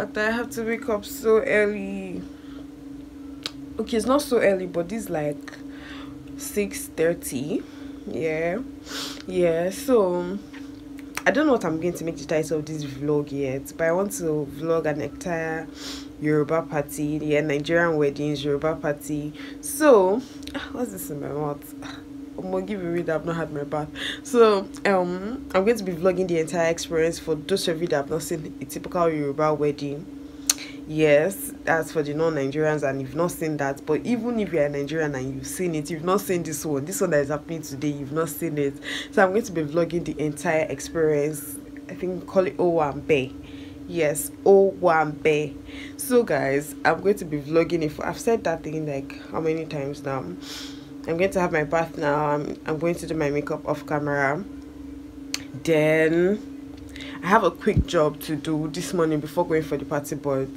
fact that I have to wake up so early. Okay, it's not so early, but it's like 6.30. Yeah. Yeah, so... I don't know what I'm going to make the title of this vlog yet, but I want to vlog an entire Yoruba party, yeah, Nigerian weddings, Yoruba party. So, ah, what's this in my mouth? Ah i am gonna give you read I've not had my bath. So um I'm going to be vlogging the entire experience for those of you that have not seen a typical Yoruba wedding. Yes, that's for the non-Nigerians and you've not seen that. But even if you're a Nigerian and you've seen it, you've not seen this one. This one that is happening today, you've not seen it. So I'm going to be vlogging the entire experience. I think call it Owambe. Yes, Owambe. So guys, I'm going to be vlogging it. I've said that thing like how many times now? I'm going to have my bath now. I'm, I'm going to do my makeup off camera. Then I have a quick job to do this morning before going for the party, but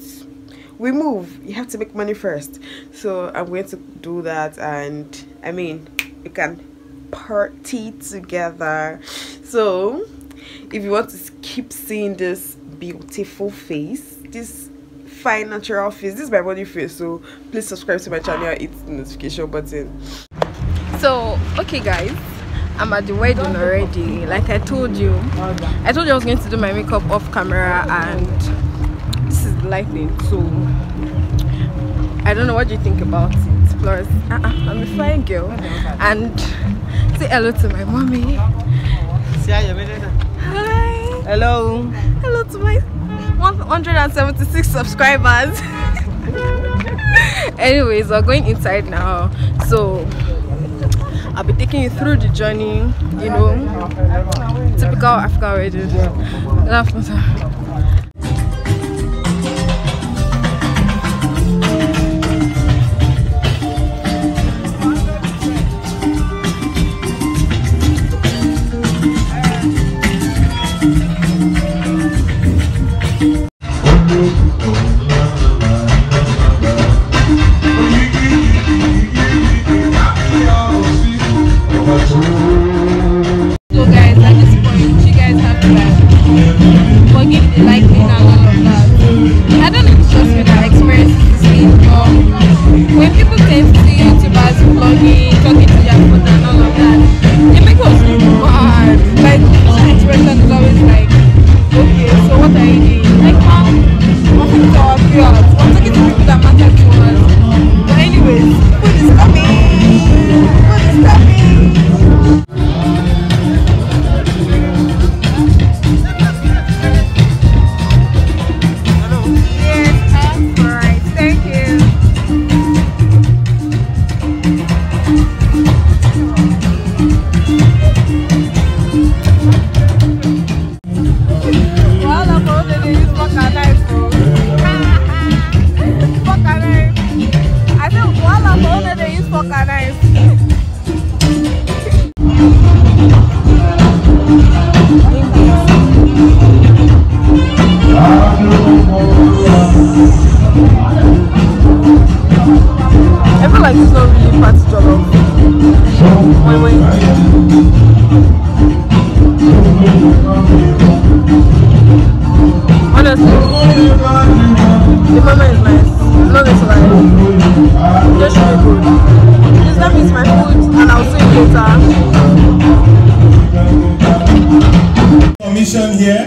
we move. You have to make money first. So I'm going to do that and I mean, you can party together. So if you want to keep seeing this beautiful face, this fine natural face this is my body face so please subscribe to my channel hit the notification button so okay guys i'm at the wedding already like i told you i told you i was going to do my makeup off camera and this is lightning so i don't know what you think about it plus uh -uh, i'm a fine girl and say hello to my mommy hi hello hello to my 176 subscribers anyways we're going inside now so I'll be taking you through the journey, you know, typical Africa wedding. forgive the lightning and all of that. I don't that when people to talking wẹ́wẹ́. Honestly, the mama is nice. Love is like, just should be good. Please let me eat my food and I'll see you later. Commission here.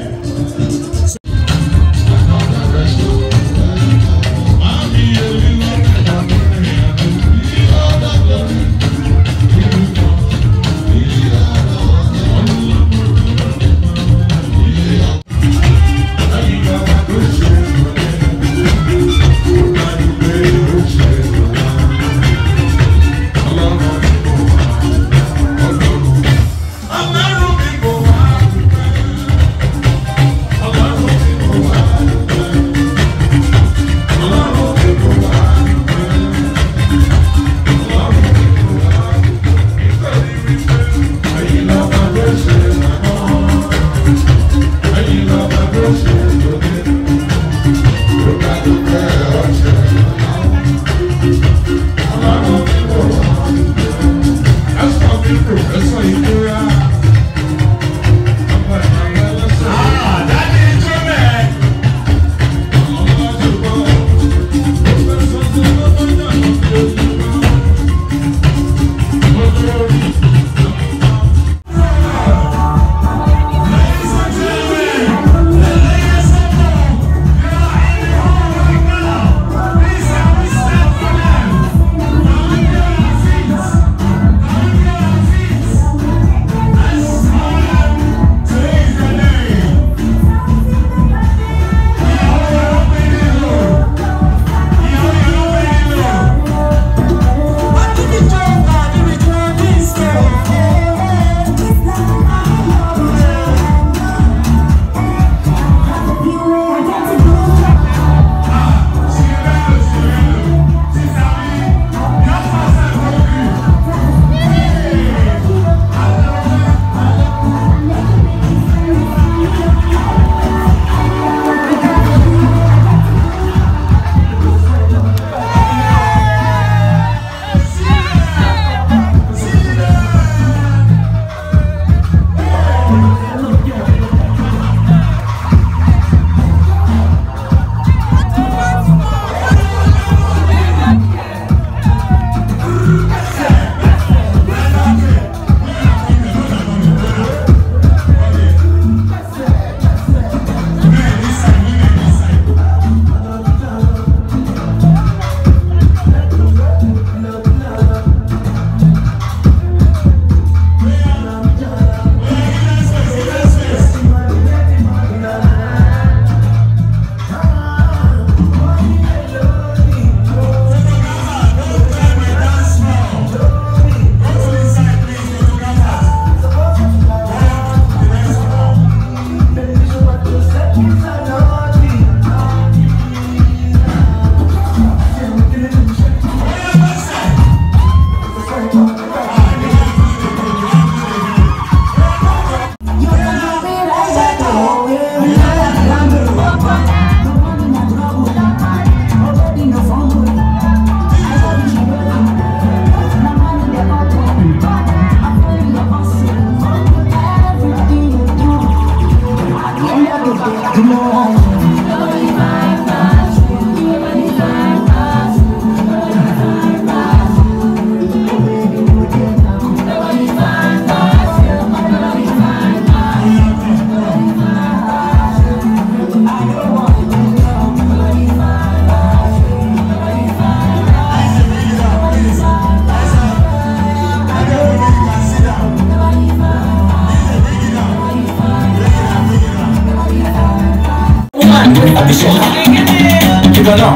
náà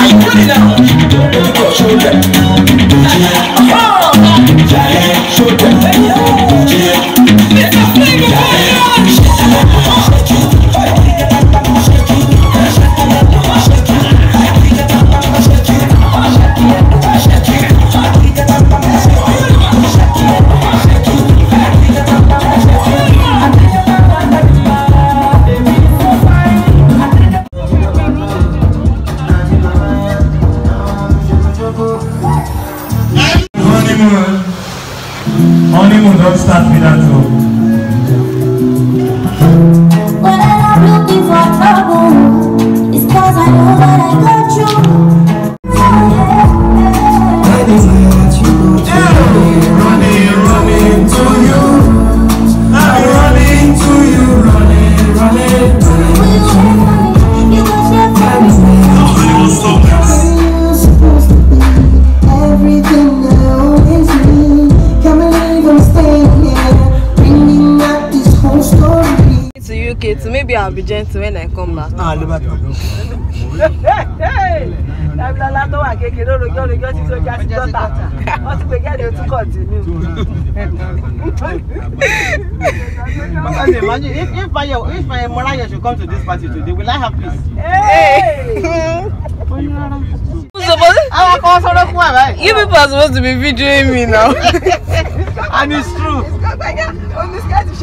àyíkú nílẹ̀ kan lórí ọ̀ṣọ́ rẹ̀. está start Hey, hey! bá tán. dábìlọ́lá tó wà kékeré rojọ́ rojọ́ tí sójà sí dọ́tà wọ́n ti pè jáde ó tún kọ̀tínú. Mama dey imagine if if my if my Morayo should come to this party today will I have peace? Hey! Our consortium, you people are supposed to be videoing me now. and it's true kọ́gbẹ́yà oníṣẹ́ẹ̀tì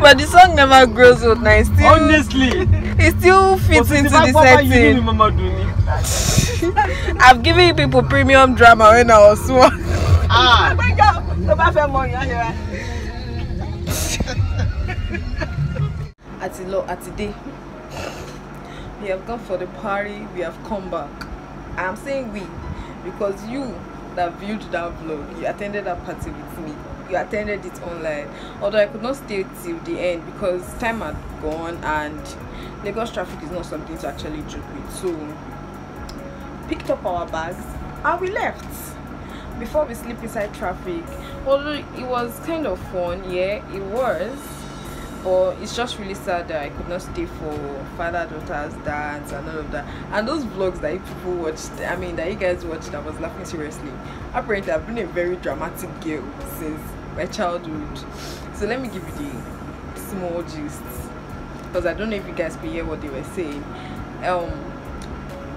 But the song never grows old now. It's e still, Honestly, it e still fits into the setting. I've given people premium drama when I was small. Ah. àti at the day, we have gone for the party we have come back i'm saying we because you that viewed that vlog you attended that party with me you attended it online although i could not stay till the end because time had gone and lagos traffic is not something to actually joke with so picked up our bags and we left before we sleep inside traffic although it was kind of fun yeah it was but it's just really sad that I could not stay for father daughter's dance and all of that. And those vlogs that people watched, I mean, that you guys watched, I was laughing seriously. Apparently, I've been a very dramatic girl since my childhood. So let me give you the small gist because I don't know if you guys could hear what they were saying. Um,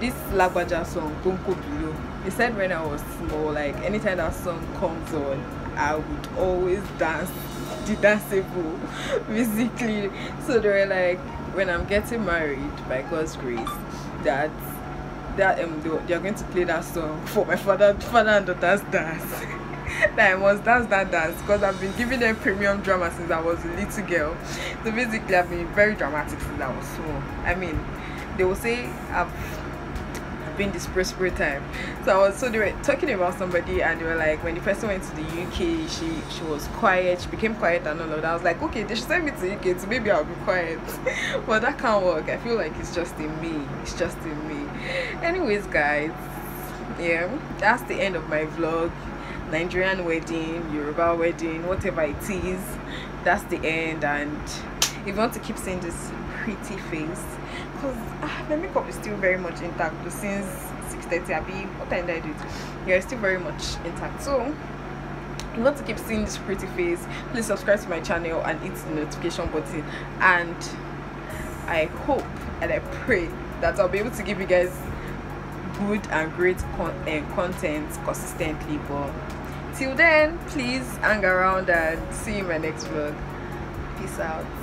this Lagbaja song, Gonko Bilo, he said when I was small, like anytime that song comes on, I would always dance didaceable basically so they were like when i'm getting married by god's grace that that um they, are going to play that song for my father father and daughter's dance that I must dance that dance because I've been giving them premium drama since I was a little girl. So basically, I've been very dramatic since I was small. I mean, they will say I've been this prosperous time. So I was so they were talking about somebody and they were like when the person went to the UK she she was quiet, she became quiet and all of that. I was like, okay, they should send me to UK so maybe I'll be quiet. but that can't work. I feel like it's just in me. It's just in me. Anyways guys, yeah, that's the end of my vlog. Nigerian wedding, Yoruba wedding, whatever it is, that's the end and if you want to keep seeing this pretty face because ah, my makeup is still very much intact since 6.30 i be what time did i do it yeah it's still very much intact so you want to keep seeing this pretty face please subscribe to my channel and hit the notification button and i hope and i pray that i'll be able to give you guys good and great con uh, content consistently but till then please hang around and see you in my next vlog peace out